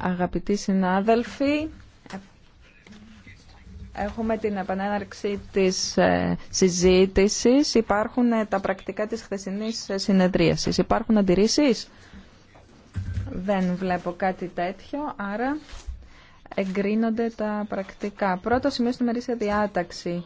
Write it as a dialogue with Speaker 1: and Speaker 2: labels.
Speaker 1: Αγαπητοί συνάδελφοι,
Speaker 2: έχουμε την επανέναρξη
Speaker 1: της ε, συζήτησης. Υπάρχουν ε, τα πρακτικά της χθεσινής ε, συνεδρίασης. Υπάρχουν αντιρρήσεις. Δεν βλέπω κάτι τέτοιο, άρα εγκρίνονται τα πρακτικά. Πρώτο σημείο στη μερίσια διάταξη.